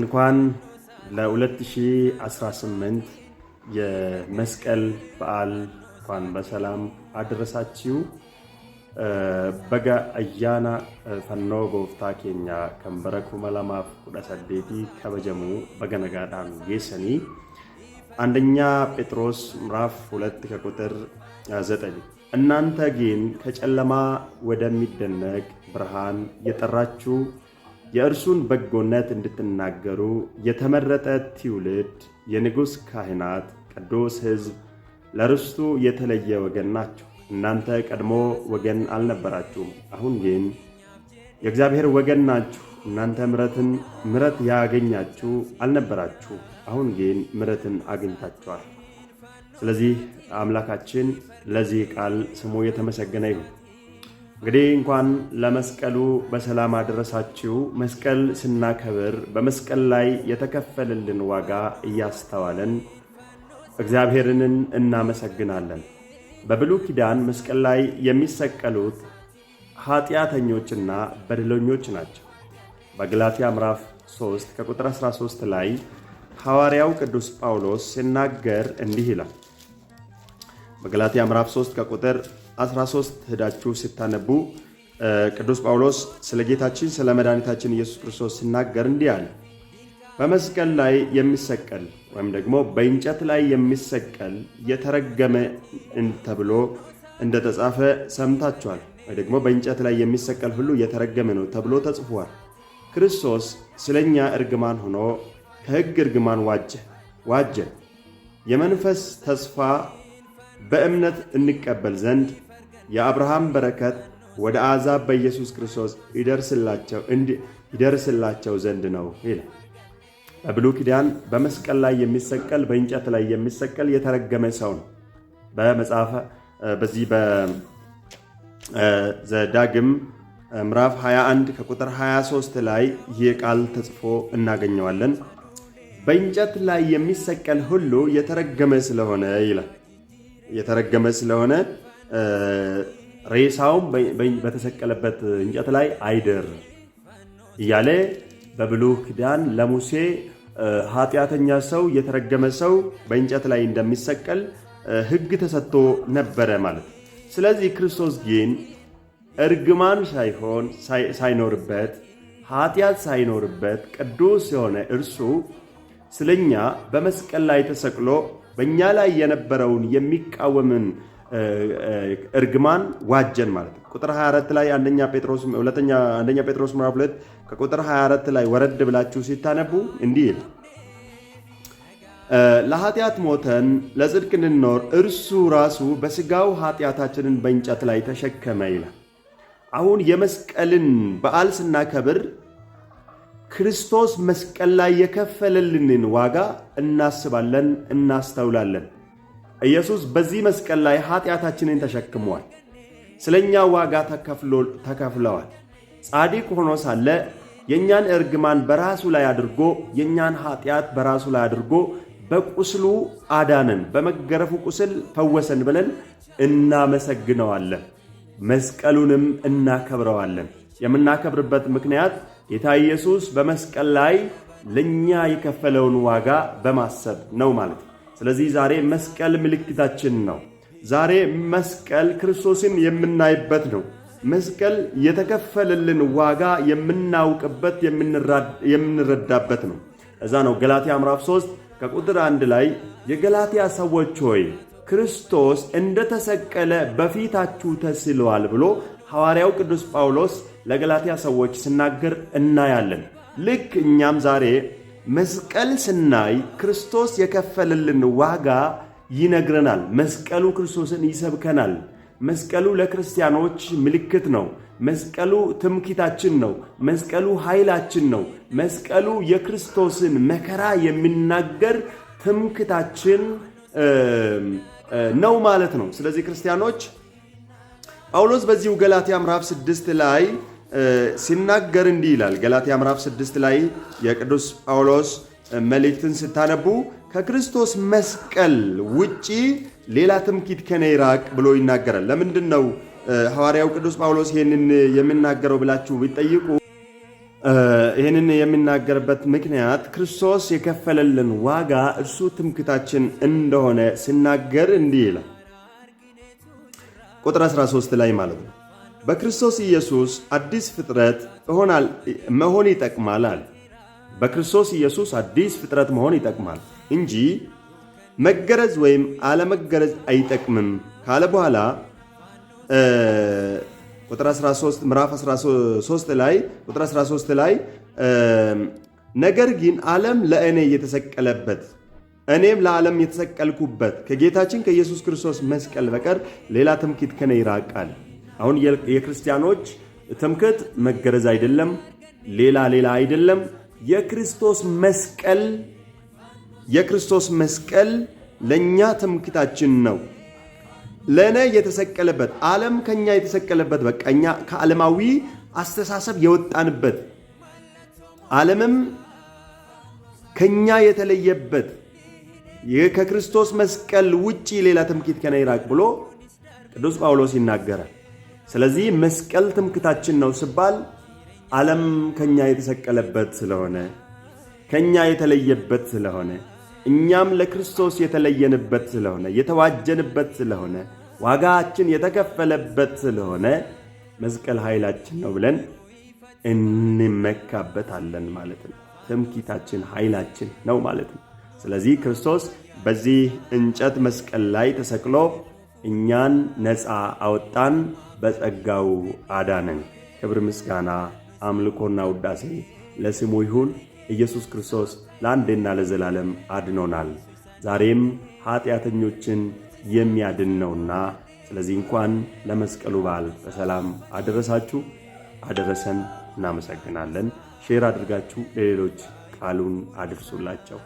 እንኳን ለ2018 የመስቀል በዓል እንኳን በሰላም አደረሳችሁ። በጋ አያና ፈኖ ጎፍታ ኬኛ ከንበረ ለማፍ ሰዴቲ ከበጀሙ በገነጋዳን ጌሰኒ አንደኛ ጴጥሮስ ምዕራፍ ሁለት ከቁጥር ዘጠኝ እናንተ ግን ከጨለማ ወደሚደነቅ ብርሃን የጠራችሁ የእርሱን በጎነት እንድትናገሩ የተመረጠ ትውልድ፣ የንጉሥ ካህናት፣ ቅዱስ ሕዝብ፣ ለርስቱ የተለየ ወገን ናችሁ። እናንተ ቀድሞ ወገን አልነበራችሁም፣ አሁን ግን የእግዚአብሔር ወገን ናችሁ። እናንተ ምረትን ምረት ያገኛችሁ አልነበራችሁ፣ አሁን ግን ምረትን አግኝታችኋል። ስለዚህ አምላካችን ለዚህ ቃል ስሙ የተመሰገነ ይሁን። እንግዲህ እንኳን ለመስቀሉ በሰላም አደረሳችሁ። መስቀል ስናከብር በመስቀል ላይ የተከፈለልን ዋጋ እያስተዋለን እግዚአብሔርንን እናመሰግናለን። በብሉይ ኪዳን መስቀል ላይ የሚሰቀሉት ኃጢአተኞችና በደለኞች ናቸው። በገላትያ ምዕራፍ 3 ከቁጥር 13 ላይ ሐዋርያው ቅዱስ ጳውሎስ ሲናገር እንዲህ ይላል። በገላትያ ምዕራፍ 3 ከቁጥር 13 ሄዳችሁ ስታነቡ ቅዱስ ጳውሎስ ስለ ጌታችን ስለ መድኃኒታችን ኢየሱስ ክርስቶስ ሲናገር እንዲህ አለ። በመስቀል ላይ የሚሰቀል ወይም ደግሞ በእንጨት ላይ የሚሰቀል የተረገመ ተብሎ እንደተጻፈ ሰምታችኋል፣ ወይ ደግሞ በእንጨት ላይ የሚሰቀል ሁሉ የተረገመ ነው ተብሎ ተጽፏል። ክርስቶስ ስለ እኛ እርግማን ሆኖ ከሕግ እርግማን ዋጀ ዋጀ የመንፈስ ተስፋ በእምነት እንቀበል ዘንድ የአብርሃም በረከት ወደ አሕዛብ በኢየሱስ ክርስቶስ ይደርስላቸው ዘንድ ነው ይላል። በብሉይ ኪዳን በመስቀል ላይ የሚሰቀል በእንጨት ላይ የሚሰቀል የተረገመ ሰው ነው። በመጽሐፈ በዚህ በዘዳግም ምዕራፍ 21 ከቁጥር 23 ላይ ይህ ቃል ተጽፎ እናገኘዋለን። በእንጨት ላይ የሚሰቀል ሁሉ የተረገመ ስለሆነ ይላል የተረገመ ስለሆነ ሬሳውም በተሰቀለበት እንጨት ላይ አይደር እያለ በብሉህ ኪዳን ለሙሴ ኃጢአተኛ ሰው የተረገመ ሰው በእንጨት ላይ እንደሚሰቀል ሕግ ተሰጥቶ ነበረ ማለት። ስለዚህ ክርስቶስ ግን እርግማን ሳይሆን ሳይኖርበት ኃጢአት ሳይኖርበት ቅዱስ የሆነ እርሱ ስለኛ በመስቀል ላይ ተሰቅሎ በእኛ ላይ የነበረውን የሚቃወምን እርግማን ዋጀን ማለት ነው። ቁጥር 24 ላይ አንደኛ ጴጥሮስ ሁለተኛ አንደኛ ጴጥሮስ ምዕራፍ 2 ከቁጥር 24 ላይ ወረድ ብላችሁ ሲታነቡ እንዲህ ይል ለኃጢአት ሞተን ለጽድቅ እንድንኖር እርሱ ራሱ በስጋው ኃጢአታችንን በእንጨት ላይ ተሸከመ ይላል። አሁን የመስቀልን በዓል ስናከብር ክርስቶስ መስቀል ላይ የከፈለልንን ዋጋ እናስባለን፣ እናስተውላለን። ኢየሱስ በዚህ መስቀል ላይ ኀጢአታችንን ተሸክሟል፣ ስለ እኛ ዋጋ ተከፍለዋል። ጻዲቅ ሆኖ ሳለ የእኛን እርግማን በራሱ ላይ አድርጎ የእኛን ኀጢአት በራሱ ላይ አድርጎ በቁስሉ አዳነን፣ በመገረፉ ቁስል ፈወሰን ብለን እናመሰግነዋለን። መስቀሉንም እናከብረዋለን። የምናከብርበት ምክንያት ጌታ ኢየሱስ በመስቀል ላይ ለእኛ የከፈለውን ዋጋ በማሰብ ነው ማለት ነው። ስለዚህ ዛሬ መስቀል ምልክታችን ነው። ዛሬ መስቀል ክርስቶስን የምናይበት ነው። መስቀል የተከፈለልን ዋጋ የምናውቅበት የምንረዳበት ነው። እዛ ነው ገላትያ ምዕራፍ 3 ከቁጥር አንድ ላይ የገላትያ ሰዎች ሆይ ክርስቶስ እንደተሰቀለ በፊታችሁ ተስሏል ብሎ ሐዋርያው ቅዱስ ጳውሎስ ለገላትያ ሰዎች ሲናገር እናያለን። ልክ እኛም ዛሬ መስቀል ስናይ ክርስቶስ የከፈለልን ዋጋ ይነግረናል። መስቀሉ ክርስቶስን ይሰብከናል። መስቀሉ ለክርስቲያኖች ምልክት ነው። መስቀሉ ትምክታችን ነው። መስቀሉ ኃይላችን ነው። መስቀሉ የክርስቶስን መከራ የሚናገር ትምክታችን ነው ማለት ነው። ስለዚህ ክርስቲያኖች ጳውሎስ በዚሁ ገላትያ ምዕራፍ ስድስት ላይ ሲናገር እንዲህ ይላል። ገላትያ ምዕራፍ 6 ላይ የቅዱስ ጳውሎስ መልእክትን ስታነቡ ከክርስቶስ መስቀል ውጪ ሌላ ትምኪት ከኔ ይራቅ ብሎ ይናገራል። ለምንድን ነው ሐዋርያው ቅዱስ ጳውሎስ ይህንን የሚናገረው ብላችሁ ቢጠይቁ ይህንን የሚናገርበት ምክንያት ክርስቶስ የከፈለልን ዋጋ እርሱ ትምክታችን እንደሆነ ሲናገር እንዲህ ይላል ቁጥር 13 ላይ ማለት ነው በክርስቶስ ኢየሱስ አዲስ ፍጥረት መሆን ይጠቅማል አለ። በክርስቶስ ኢየሱስ አዲስ ፍጥረት መሆን ይጠቅማል እንጂ መገረዝ ወይም አለመገረዝ አይጠቅምም ካለ በኋላ ቁጥር 13 ምዕራፍ 13 ላይ ቁጥር 13 ላይ ነገር ግን ዓለም ለእኔ የተሰቀለበት እኔም ለዓለም የተሰቀልኩበት ከጌታችን ከኢየሱስ ክርስቶስ መስቀል በቀር ሌላ ትምክህት ከኔ ይራቃል። አሁን የክርስቲያኖች ትምክህት መገረዝ አይደለም፣ ሌላ ሌላ አይደለም። የክርስቶስ መስቀል የክርስቶስ መስቀል ለእኛ ትምክህታችን ነው። ለእኔ የተሰቀለበት ዓለም ከኛ የተሰቀለበት በቃ እኛ ከዓለማዊ አስተሳሰብ የወጣንበት ዓለምም ከኛ የተለየበት ይህ ከክርስቶስ መስቀል ውጪ ሌላ ትምክህት ከነ ይራቅ ብሎ ቅዱስ ጳውሎስ ይናገራል። ስለዚህ መስቀል ትምክታችን ነው ስባል ዓለም ከኛ የተሰቀለበት ስለሆነ ከኛ የተለየበት ስለሆነ እኛም ለክርስቶስ የተለየንበት ስለሆነ የተዋጀንበት ስለሆነ ዋጋችን የተከፈለበት ስለሆነ መስቀል ኃይላችን ነው ብለን እንመካበታለን ማለት ነው። ትምኪታችን ኃይላችን ነው ማለት ነው። ስለዚህ ክርስቶስ በዚህ እንጨት መስቀል ላይ ተሰቅሎ እኛን ነፃ አወጣን። በጸጋው አዳነን። ክብር ምስጋና፣ አምልኮና ውዳሴ ለስሙ ይሁን። ኢየሱስ ክርስቶስ ለአንዴና ለዘላለም አድኖናል። ዛሬም ኀጢአተኞችን የሚያድን ነውና፣ ስለዚህ እንኳን ለመስቀሉ በዓል በሰላም አደረሳችሁ አደረሰን። እናመሰግናለን። ሼር አድርጋችሁ ለሌሎች ቃሉን አድርሱላቸው።